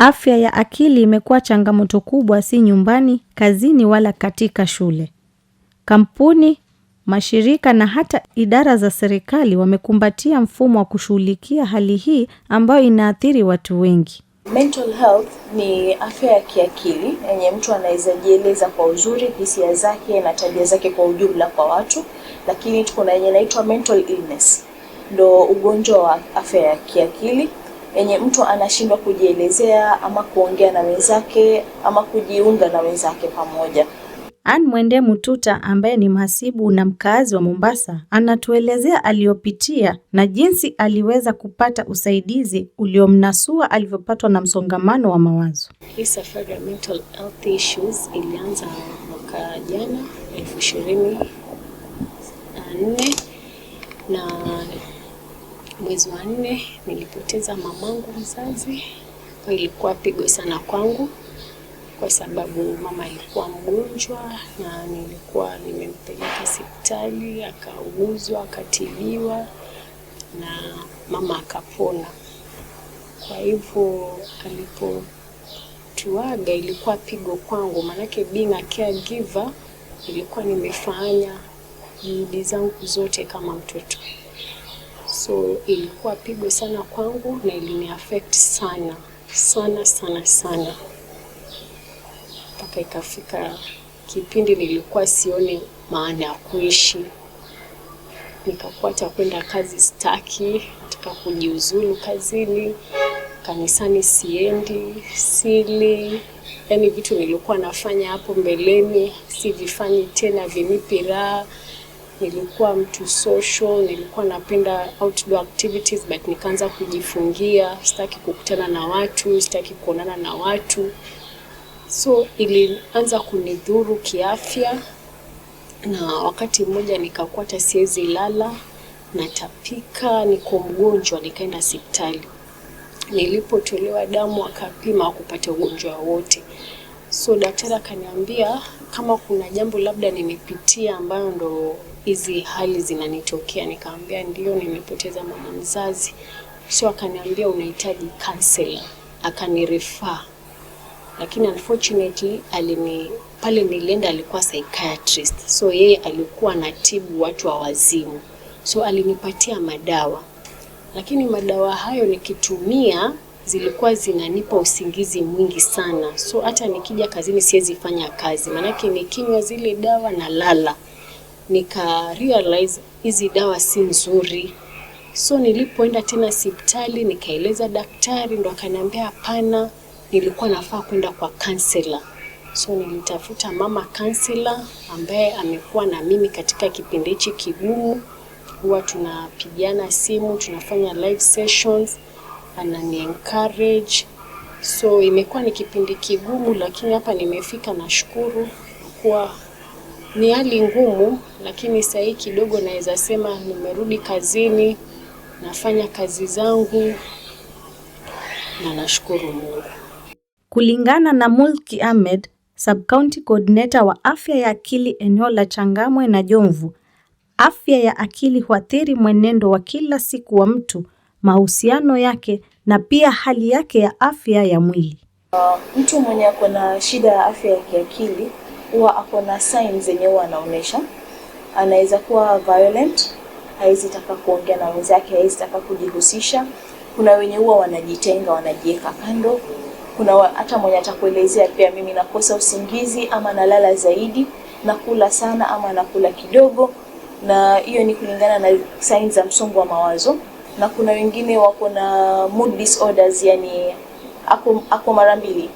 Afya ya akili imekuwa changamoto kubwa, si nyumbani, kazini wala katika shule. Kampuni, mashirika na hata idara za serikali wamekumbatia mfumo wa kushughulikia hali hii ambayo inaathiri watu wengi. Mental health ni afya ya kiakili yenye mtu anaweza jieleza kwa uzuri hisia zake na tabia zake kwa ujumla kwa watu, lakini tuko na yenye inaitwa mental illness, ndo ugonjwa wa afya ya kiakili yenye mtu anashindwa kujielezea ama kuongea na wenzake ama kujiunga na wenzake pamoja. Ann Mwende Mututa ambaye ni mhasibu na mkaazi wa Mombasa anatuelezea aliyopitia na jinsi aliweza kupata usaidizi uliomnasua alivyopatwa na msongamano wa mawazo. mental health issues ilianza mwaka jana elfu ishirini na nne na mwezi wa nne nilipoteza mamangu mzazi. Ilikuwa pigo sana kwangu kwa sababu mama alikuwa mgonjwa na nilikuwa nimempeleka hospitali, akauguzwa, akatibiwa na mama akapona. Kwa hivyo alipotuaga ilikuwa pigo kwangu, maanake being a caregiver ilikuwa nimefanya juhudi zangu zote kama mtoto so ilikuwa pigo sana kwangu na ilini affect sana sana sana sana, mpaka ikafika kipindi nilikuwa sione maana ya kuishi, nikakwata kwenda kazi staki, nataka kujiuzulu kazini, kanisani siendi, sili yaani vitu nilikuwa nafanya hapo mbeleni sivifanyi tena, vinipi raha nilikuwa mtu social, nilikuwa napenda outdoor activities but nikaanza kujifungia, sitaki kukutana na watu, sitaki kuonana na watu, so ilianza kunidhuru kiafya, na wakati mmoja nikakuwa hata siwezi lala, natapika, niko mgonjwa, nikaenda hospitali. Nilipotolewa damu wakapima, wakupata ugonjwa wowote. So daktari akaniambia kama kuna jambo labda nimepitia ambayo ndo hizi hali zinanitokea. Nikaambia ndio, nimepoteza mama mzazi. So akaniambia unahitaji counselor, akanirefaa, lakini unfortunately alini pale nilienda alikuwa psychiatrist, so yeye alikuwa anatibu watu wa wazimu, so alinipatia madawa, lakini madawa hayo nikitumia zilikuwa zinanipa usingizi mwingi sana, so hata nikija kazini siwezi fanya kazi, maanake nikinywa zile dawa na lala. Nika realize hizi dawa si nzuri, so nilipoenda tena hospitali nikaeleza daktari, ndo akaniambia hapana, nilikuwa nafaa kwenda kwa counselor. So nilitafuta mama counselor ambaye amekuwa na mimi katika kipindi hichi kigumu, huwa tunapigiana simu, tunafanya live sessions anani encourage so imekuwa ni kipindi kigumu, lakini hapa nimefika. Nashukuru kuwa ni hali ngumu, lakini saa hii kidogo naweza sema nimerudi kazini, nafanya kazi zangu na nashukuru Mungu. Kulingana na Mulki Ahmed, Sub-County Coordinator wa afya ya akili eneo la Changamwe na Jomvu, afya ya akili huathiri mwenendo wa kila siku wa mtu mahusiano yake na pia hali yake ya afya ya mwili. Uh, mtu mwenye ako na shida ya afya ya kiakili huwa ako na signs zenye huwa anaonesha. Anaweza kuwa violent, hawezi taka kuongea na wenzake, hawezi taka kujihusisha. Kuna wenye huwa wanajitenga, wanajiweka kando. Kuna hata mwenye atakuelezea pia, mimi nakosa usingizi ama nalala zaidi, nakula sana ama nakula kidogo, na hiyo ni kulingana na signs za msongo wa mawazo na kuna wengine wako na mood disorders, yani ako, ako mara mbili.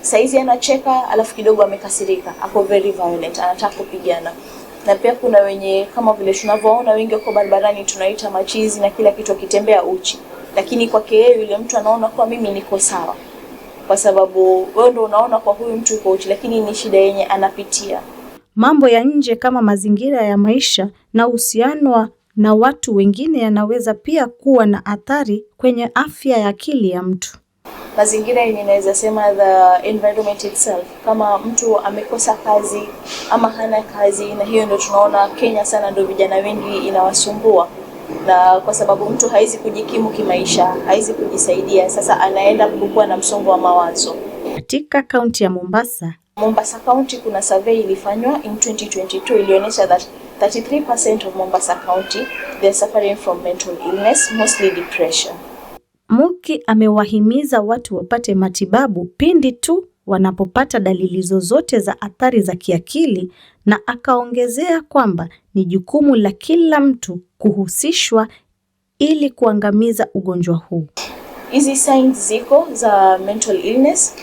Saizi anacheka alafu kidogo amekasirika, ako very violent, anataka kupigana. Na pia kuna wenye kama vile tunavyoona wengi wako barabarani, tunaita machizi na kila kitu, akitembea uchi, lakini kwake yeye yule mtu anaona kuwa mimi niko sawa, kwa sababu wewe ndio unaona kwa huyu mtu uko uchi, lakini ni shida yenye anapitia. Mambo ya nje kama mazingira ya maisha na uhusiano wa na watu wengine yanaweza pia kuwa na athari kwenye afya ya akili ya mtu. Mazingira yenye inaweza sema the environment itself, kama mtu amekosa kazi ama hana kazi, na hiyo ndio tunaona Kenya sana, ndio vijana wengi inawasumbua na kwa sababu mtu haizi kujikimu kimaisha, haizi kujisaidia, sasa anaenda kukuwa na msongo wa mawazo. Katika kaunti ya Mombasa, Mombasa kaunti kuna survey ilifanywa in 2022 ilionyesha that 33% of Mombasa County, they are suffering from mental illness, mostly depression. Muki amewahimiza watu wapate matibabu pindi tu wanapopata dalili zozote za athari za kiakili na akaongezea kwamba ni jukumu la kila mtu kuhusishwa ili kuangamiza ugonjwa huu. Hizi signs ziko za mental illness,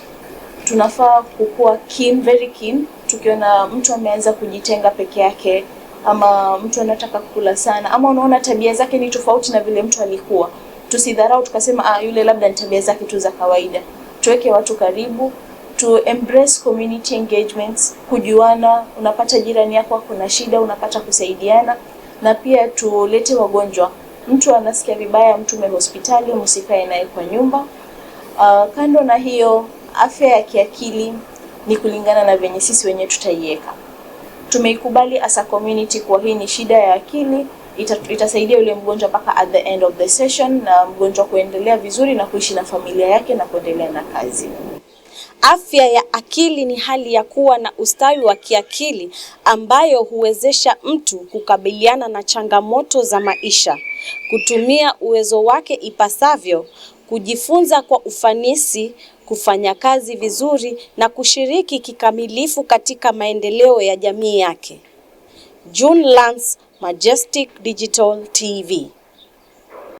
tunafaa kukuwa keen, very keen. Tukiona mtu ameanza kujitenga peke yake ama mtu anataka kula sana, ama unaona tabia zake ni tofauti na vile mtu alikuwa, tusidharau tukasema ah, yule labda ni tabia zake tu za kawaida. Tuweke watu karibu, tu embrace community engagements, kujuana. Unapata jirani yako kuna shida, unapata kusaidiana, na pia tulete wagonjwa. Mtu anasikia vibaya, mtume hospitali, msikae naye kwa nyumba. Uh, kando na hiyo afya ya kiakili ni kulingana na venye sisi wenyewe tutaiweka tumeikubali as a community kuwa hii ni shida ya akili ita, itasaidia yule mgonjwa mpaka at the end of the session, na mgonjwa kuendelea vizuri na kuishi na familia yake na kuendelea na kazi. Afya ya akili ni hali ya kuwa na ustawi wa kiakili ambayo huwezesha mtu kukabiliana na changamoto za maisha, kutumia uwezo wake ipasavyo, kujifunza kwa ufanisi, kufanya kazi vizuri na kushiriki kikamilifu katika maendeleo ya jamii yake. June Lance, Majestic Digital TV.